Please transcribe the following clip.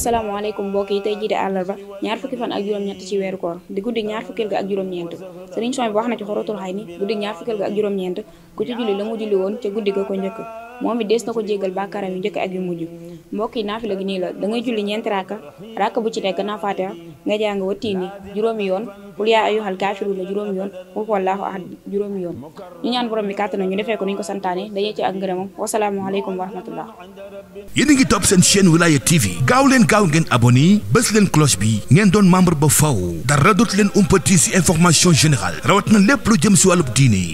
asalaamaaleykum mbokk yi tey jii di àllarba ñaar fukki fan ak juróom-ñett ci weeru koor di guddi ñaar fukkeel ga ak juróom-ñeent sëriñ Soñ bi wax na ci xoratul xay ni guddi ñaar fukkeel ga ak juróom-ñeent ku ci julli la mu julli woon ca guddi ga ko njëkk moom des na ko jéggal bàkkaaram yu njëkk ak yu mujj mbokk yi naafila gi nii la da ngay julli ñeenti raaka raaka bu ci nekk gannaaw faatiha nga jàng wa juróomi yoon qul yaa ayyuhal kaafiruuna juróomi yoon wa huwallaahu ahad juróomi yoon ñu ñaan borom bi kàttan ñu defee ko ni ñu ko santaane dañee ci ak ngërëmam wasalaamualeykum wa rahmatullah yéen a ngi topp seen chaîne wilaya tv gaaw leen gaaw ngeen abonné bés leen cloche bi ngeen doon membre ba faw dara dootu leen umpati si lépp lu jëm si wàllub diini